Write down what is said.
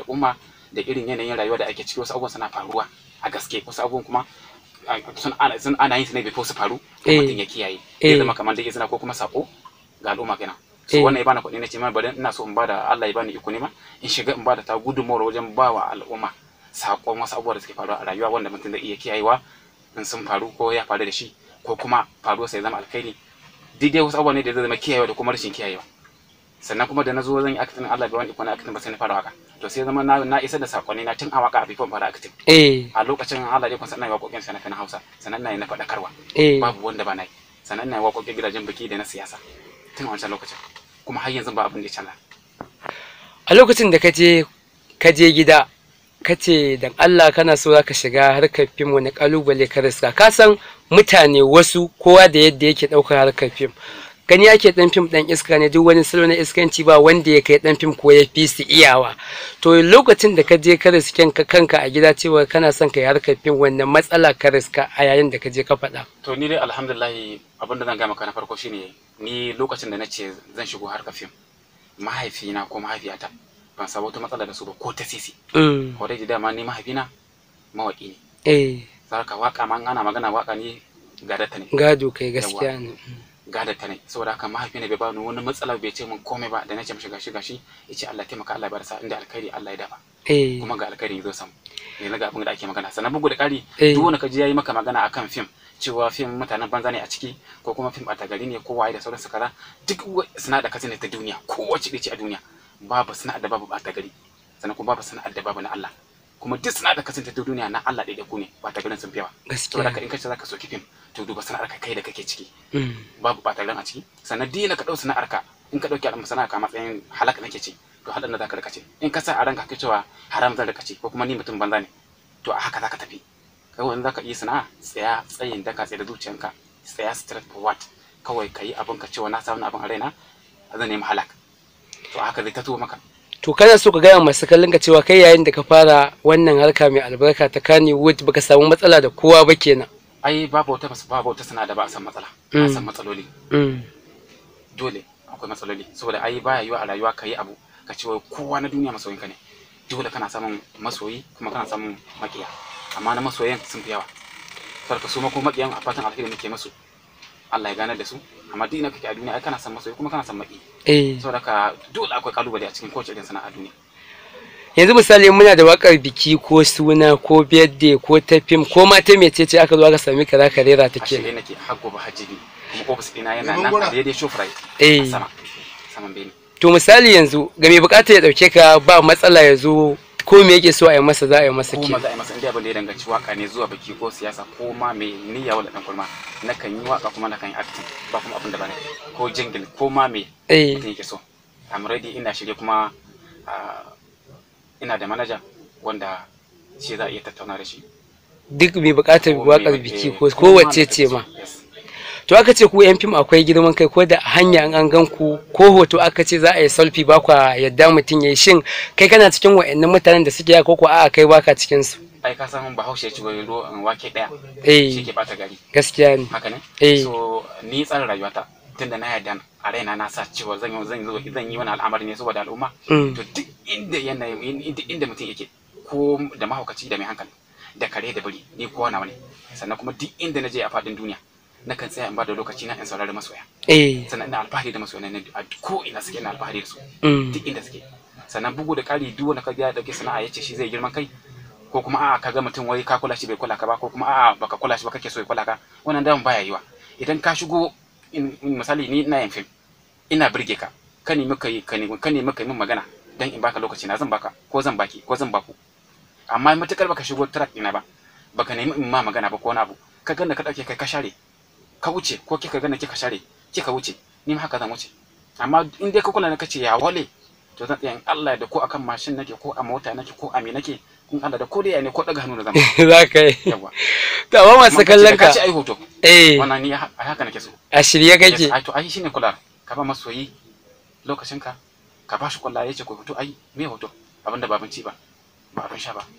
al'umma da irin yanayin rayuwa da ake ciki wasu abubuwan suna faruwa a gaske wasu abubuwan kuma sun ana yin su ne before su faru to eh. mutum ya kiyaye ya eh. zama kamar da izina ko kuma sako ga al'umma kenan so eh. wannan ya bani kuɗi na ce mai bari ina so in bada Allah ya bani iko ne ma in shiga in bada ta gudumar wajen bawa al'umma sakon wasu abubuwan da suke faruwa a rayuwa wanda mutum zai iya kiyayewa in sun faru ko ya faru da shi ko kuma faruwa sai zama alkhairi duk dai wasu abubuwan ne da zai zama kiyayewa da kuma rashin kiyayewa sannan kuma da na zo zan yi acting Allah bai wani ikon akitin acting ba sai na fara waka to sai zama na isa da sakonni na tun a waka before fara acting eh a lokacin Allah dai kun san na yi waƙoƙin sai na fi Hausa sannan na yi na faɗakarwa eh. babu wanda ba na yi sannan na yi waƙoƙin gidajen biki da na siyasa tun a wancan lokacin kuma har yanzu ba abin da ya canza a lokacin da kaje kaje gida kace dan Allah kana so zaka shiga harkar fim wani kalubale ka riska ka san mutane wasu kowa da yadda yake ɗaukar harkar fim gani yake dan fim dan iska ne duk wani salo na iskanci ba wanda ya kai dan fim ko ya fi su iyawa to lokacin da ka je ka risken ka kanka a gida cewa kana son ka yi harkar fim wannan matsala ka riska a yayin da ka je ka faɗa to ni dai alhamdulillah abin da zan gama maka na farko shine ni lokacin da na ce zan shigo harkar fim mahaifina ko mahaifiyata ban samu wata matsala da su ba ko ta sisi mm. da ma ni mahaifina mawaƙi ne eh sarka waka ma ana magana waka ne gadata ne gado kai gaskiya ne mm. gada ta ne saboda haka mahaifina bai bani wani matsala bai ce min komai ba da nace mishi gashi gashi yace Allah taimaka Allah ya barasa inda alkhairi Allah ya dafa eh. kuma ga alkhairi zo samu ne ga abin da ake magana sannan bugu da kari eh. duk wani kaji yayi maka magana akan fim cewa fim mutanen banza ne a ciki ko kuma fim gari ne ko waye da sauran sakara duk suna da ka ta duniya kowace ce a duniya babu sana'ar da babu gari sannan kuma babu sana'ar da babu na Allah kuma duk suna da kasance ta duniya na Allah ɗaya ku ne ba ta ganin sun fi ba. gaskiya saboda in ka ce zaka soki fim to duba sana'ar ka kai da kake ciki hmm. babu ba a ciki sannan dina ka ɗau sana'ar ka in ka ɗauki al'amma sana'a ka matsayin halaka nake ci to haɗin da zaka rika ce in ka sa a ranka ka cewa haram zan rika ce ko kuma ni mutum banza ne to a haka zaka tafi kai wani zaka iya sana'a tsaya tsayin daka tsaye da zuciyanka tsaya straight forward kawai ka yi abin ka cewa na samu abin a raina zan nemi halak to haka zai ta maka to kana so ka gaya masu kallon ka cewa kai yayin da ka fara wannan harka mai albarka ta kani wood baka samu matsala da kowa ba kenan ai babu wata babu wata sana da ba a san matsala a mm. san matsaloli mm. dole akwai matsaloli saboda ai baya yiwa a rayuwa kai abu ka ce kowa na duniya masoyinka ne dole kana samun masoyi kuma kana samun makiya amma na masoyan sun fi yawa farka su ma ko makiyan a fatan alheri muke masu Allah ya gane da su amma duk ina kake a duniya ai kana san masoyi kuma kana san maki eh saboda ka dole akwai kalubale a cikin kowace irin sana'a duniya yanzu misali muna da wakar biki ko suna ko birthday ko ta fim ko ma ta mecece aka zo aka sami ka zaka rera ta ke ashe nake hakko ba hajji kuma ofis dina yana nan da a daidai shofrai eh sama sama bene to misali yanzu ga mai bukata ya dauke ka ba matsala ya zo ko me yake so a yi masa za a yi masa ke za a yi masa inda ba da ya waka ne zuwa biki ko siyasa ko ma me niyya wala dan kurma na kan yi waka kuma na kan yi acting ba kuma abin da bane ko jingle ko ma me eh. mutum yake so I'm ready ina shirye kuma ina da manaja wanda shi za a iya tattauna da shi duk mai bukatar waƙar biki ko wacce ce ma to aka ce ku yan fim akwai girman kai ko da hanya an gan ku ko hoto aka ce za a yi selfie ba kwa yadda mutum ya yi shin kai kana cikin wa'annan mutanen da suke ya ko a kai baka cikin su ai ka san bahaushe ya ci ruwa ruwan um, wake daya eh. shi ke bata gari gaskiya ne haka ne eh. so ni tsara rayuwata tunda na yarda a raina na sa cewa zan yi zan zan yi wani al'amari ne saboda al'umma mm. to duk inda yana inda mutum yake ko da mahaukaci da mai hankali da kare da bari, ni kowa na wani, sannan kuma duk inda na je a faɗin duniya na kan tsaya in ba da lokaci na in saurari masoya eh. sannan ina alfahari da masoya na a ko ina suke ina alfahari da su mm. duk inda suke sannan bugu da ƙari duk wanda ka ga dauke sana'a yace shi zai girman kai ko kuma a'a kaga mutum wai ka kula shi bai kula ka ba ko kuma a'a baka kula shi ba kake so ya kula ka wannan dan baya yiwa idan ka shigo misali ni ina yin film ina birge ka ka nemi ka yi ka nemi ka yi min magana dan in baka lokaci na zan baka ko zan baki ko zan baku amma matukar baka shigo track ina ba baka nemi in ma magana ba ko wani abu ka ganda ka dauke kai ka share ka wuce ko kika gane kika share kika wuce ni ma haka zan wuce amma in dai ka kula ka ce ya wale to zan tsaya in Allah da ko akan mashin nake ko a mota nake ko a me nake in Allah da ko da ne ko daga hannu na zama za ka yi to amma masu kallon ka ai hoto eh wannan ni a haka nake so a shirye kake ai to ai shine kula ka ba masoyi lokacin ka ka ba shi kula yace ko hoto ai me hoto abinda ba abinci ba ba abin sha ba